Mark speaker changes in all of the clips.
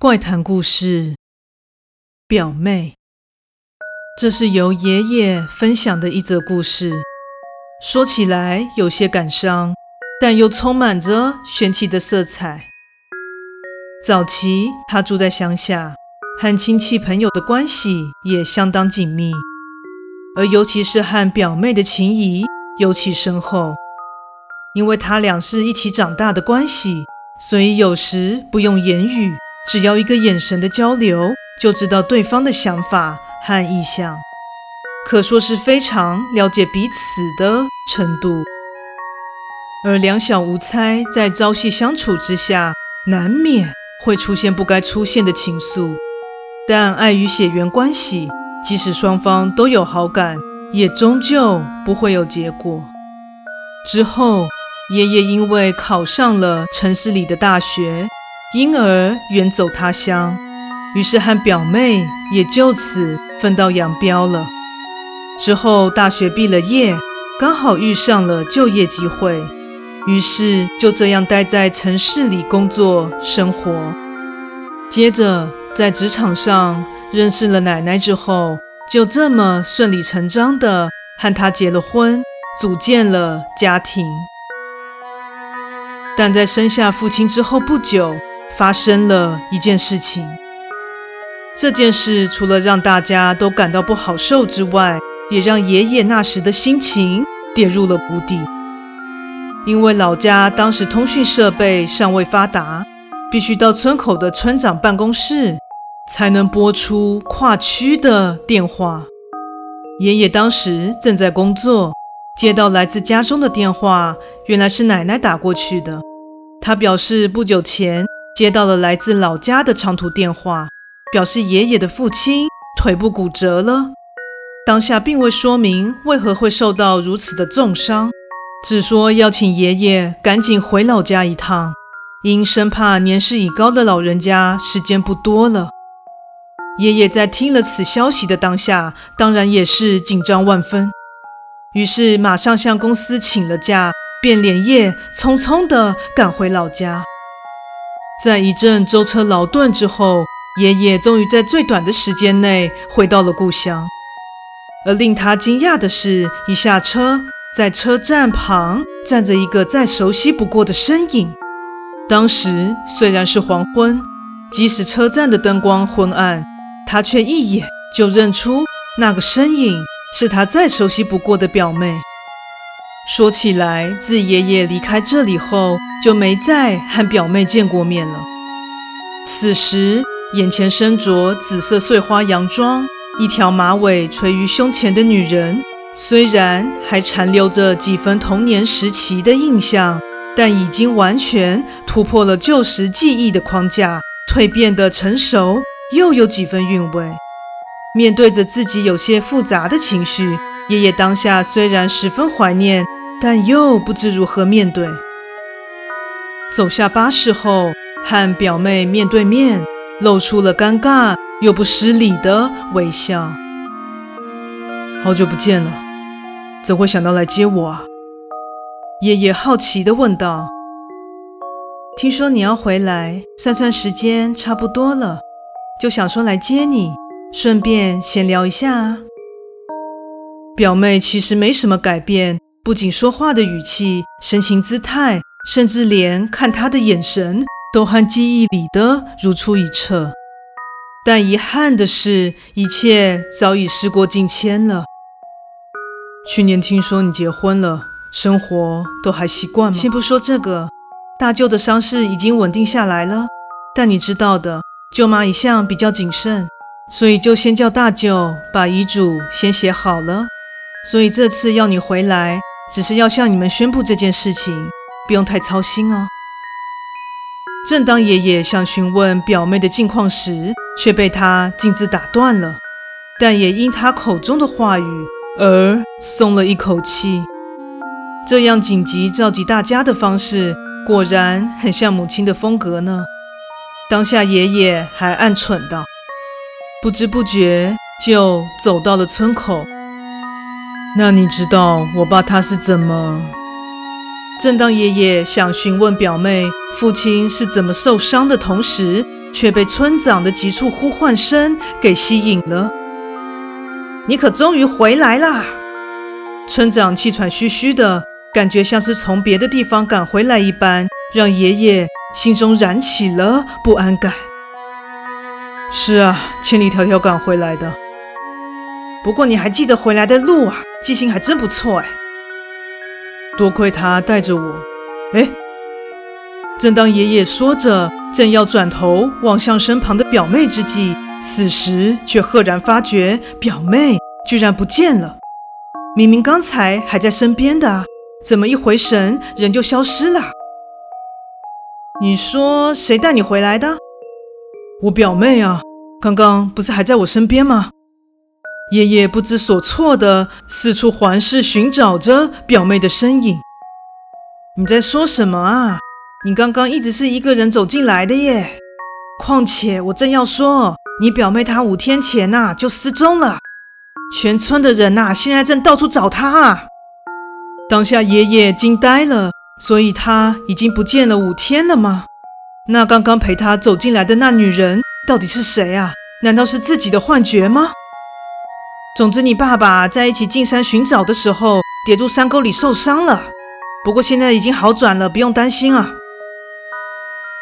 Speaker 1: 怪談故事，表妹。這是由爺爺分享的一則故事。說起來有些感傷，但又充滿着玄奇的色彩。早期他住在鄉下，和親戚朋友的關係也相當緊密，而尤其是和表妹的情誼尤其深厚，因為他倆是一起長大的關係，所以有時不用言語。只要一個眼神的交流，就知道對方的想法和意向，可說是非常了解彼此的程度。而兩小無猜在朝夕相處之下，難免會出現不該出現的情愫。但礙於血緣關係，即使雙方都有好感，也終究不會有結果。之後，爺爺因為考上了城市裡的大學，因而遠走他鄉，於是和表妹也就此分道揚鑣了。之後大學畢了業，剛好遇上了就業機會，於是就這樣待在城市裡工作生活。接着在職場上認識了奶奶之後，就這麼順理成章地和她結了婚，組建了家庭。但在生下父親之後不久，發生了一件事情。這件事除了讓大家都感到不好受之外，也讓爺爺那時的心情跌入了谷底。因為老家當時通訊設備尚未發達，必須到村口的村長辦公室才能撥出跨區的電話。爺爺當時正在工作，接到來自家中的電話，原來是奶奶打過去的。他表示不久前，接到了來自老家的長途電話，表示爺爺的父親腿部骨折了，當下並未說明為何會受到如此的重傷，只說要請爺爺趕緊回老家一趟，因生怕年事已高的老人家時間不多了。爺爺在聽了此消息的當下，當然也是緊張萬分，於是馬上向公司請了假，便連夜匆匆地趕回老家。在一陣舟車勞頓之後，爺爺終於在最短的時間內回到了故鄉。而令他驚訝的是，一下車，在車站旁站着一個再熟悉不過的身影。當時雖然是黃昏，即使車站的燈光昏暗，他卻一眼就認出那個身影是他再熟悉不過的表妹。說起來，自爺爺離開這裡後，就沒再和表妹見過面了。此時，眼前身着紫色碎花洋裝、一條馬尾垂於胸前的女人，雖然還殘留着幾分童年時期的印象，但已經完全突破了舊時記憶的框架，蛻變得成熟，又有幾分韻味。面對着自己有些複雜的情緒，爺爺當下雖然十分懷念。但又不知如何面對。走下巴士後，和表妹面對面，露出了尷尬又不失禮的微笑。好久不見了，怎會想到來接我啊？爺爺好奇地問道。聽說你要回來，算算時間差不多了，就想說來接你，順便閒聊一下啊。表妹其實沒什麼改變。不僅說話的語氣、神情、姿態，甚至連看他的眼神，都和記憶裡的如出一轍。但遺憾的是，一切早已事過境遷了。去年聽說你結婚了，生活都還習慣嗎？先不說這個，大舅的傷勢已經穩定下來了。但你知道的，舅媽一向比較謹慎，所以就先叫大舅把遺囑先寫好了。所以這次要你回來。只是要向你們宣布這件事情，不用太操心哦。正當爺爺想詢問表妹的近況時，卻被她徑自打斷了，但也因她口中的話語而鬆了一口氣。這樣緊急召集大家的方式，果然很像母親的風格呢。當下爺爺還暗忖道，不知不覺就走到了村口。那你知道我爸他是怎麼？正當爺爺想詢問表妹父親是怎麼受傷的同時，卻被村長的急促呼喚聲給吸引了。你可終於回來啦！村長氣喘吁吁的，感覺像是從別的地方趕回來一般，讓爺爺心中燃起了不安感。是啊，千里迢迢趕回來的。不過你還記得回來的路啊，記性還真不錯哎。多虧他帶着我。哎？正當爺爺說着，正要轉頭望向身旁的表妹之際，此時卻赫然發覺表妹居然不見了。明明剛才還在身邊的，怎麼一回神人就消失了？你說誰帶你回來的？我表妹啊，剛剛不是還在我身邊嗎？爺爺不知所措地四處環視，尋找着表妹的身影。你在說什麼啊？你剛剛一直是一個人走進來的耶。況且我正要說，你表妹她五天前吶就失蹤了，全村的人吶現在正到處找她啊。當下爺爺驚呆了，所以她已經不見了五天了嗎？那剛剛陪她走進來的那女人到底是誰啊？難道是自己的幻覺嗎？總之，你爸爸在一起進山尋找的時候，跌入山溝裡受傷了。不過現在已經好轉了，不用擔心啊。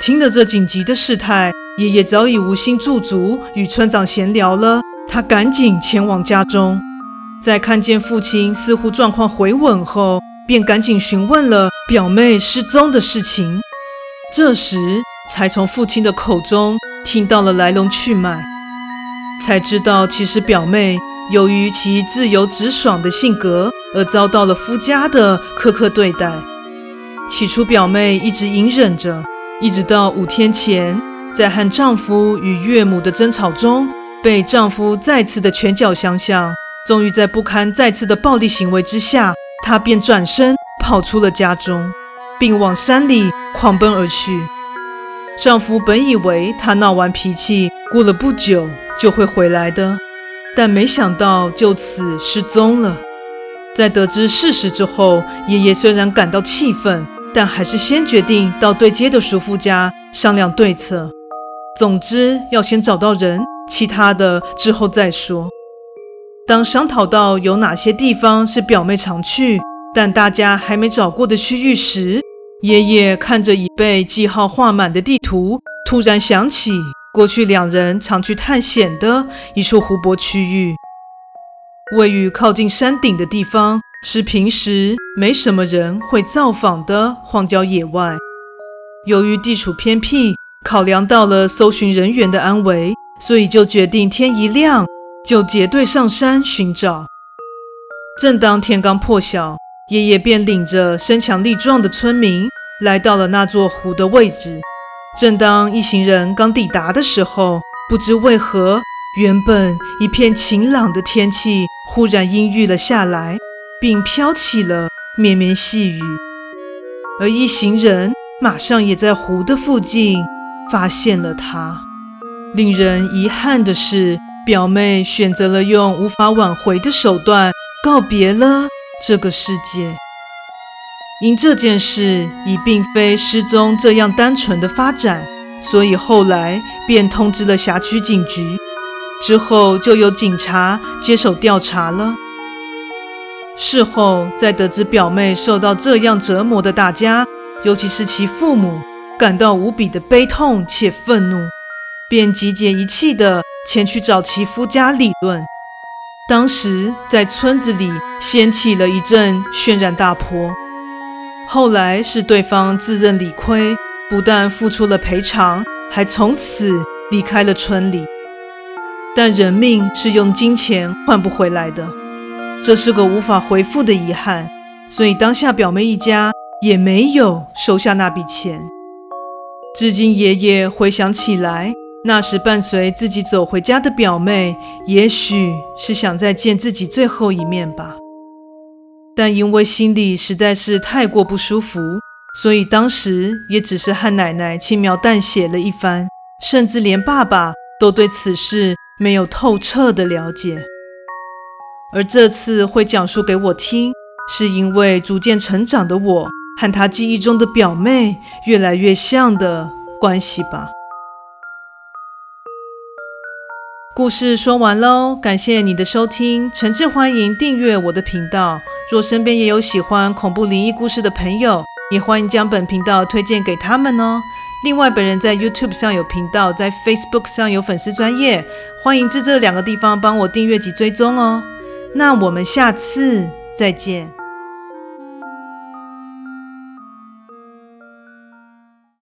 Speaker 1: 聽了這緊急的事態，爺爺早已無心駐足與村長閒聊了。他趕緊前往家中，在看見父親似乎狀況回穩後，便趕緊詢問了表妹失蹤的事情。這時才從父親的口中聽到了來龍去脈，才知道其實表妹。由於其自由直爽的性格，而遭到了夫家的苛刻對待。起初，表妹一直隱忍着，一直到五天前，在和丈夫與岳母的爭吵中，被丈夫再次的拳腳相向。終於在不堪再次的暴力行為之下，她便轉身跑出了家中，並往山裡狂奔而去。丈夫本以為她鬧完脾氣，過了不久就會回來的。但沒想到就此失蹤了。在得知事實之後，爺爺雖然感到氣憤，但還是先決定到對街的叔父家商量對策。總之，要先找到人，其他的之後再說。當商討到有哪些地方是表妹常去，但大家還沒找過的區域時，爺爺看着已被記號畫滿的地圖，突然想起。過去兩人常去探險的一處湖泊區域，位於靠近山頂的地方，是平時沒什麼人會造訪的荒郊野外。由於地處偏僻，考量到了搜尋人員的安危，所以就決定天一亮就結隊上山尋找。正當天剛破曉，爺爺便領着身強力壯的村民來到了那座湖的位置。正當一行人剛抵達的時候，不知為何，原本一片晴朗的天氣忽然陰鬱了下來，並飄起了綿綿細雨。而一行人馬上也在湖的附近發現了她。令人遺憾的是，表妹選擇了用無法挽回的手段告別了這個世界。因這件事已並非失蹤這樣單純的發展，所以後來便通知了轄區警局，之後就由警察接手調查了。事後，在得知表妹受到這樣折磨的大家，尤其是其父母，感到無比的悲痛且憤怒，便集結一氣的前去找其夫家理論。當時在村子裡掀起了一陣軒然大波。後來是對方自認理虧，不但付出了賠償，還從此離開了村裡。但人命是用金錢換不回來的，這是個無法挽回的遺憾。所以當下表妹一家也沒有收下那筆錢。至今爺爺回想起來，那時伴隨自己走回家的表妹，也許是想再見自己最後一面吧。但因為心裡實在是太過不舒服，所以當時也只是和奶奶輕描淡寫了一番，甚至連爸爸都對此事沒有透徹的了解。而這次會講述給我聽，是因為逐漸成長的我和他記憶中的表妹越來越像的關係吧。故事說完嘍，感謝你的收聽，誠摯歡迎訂閱我的頻道。若身邊也有喜歡恐怖靈異故事的朋友，也歡迎將本頻道推薦給他們哦。另外，本人在 YouTube 上有頻道，在 Facebook 上有粉絲專頁，歡迎至這兩個地方幫我訂閱及追蹤哦。那我們下次再見。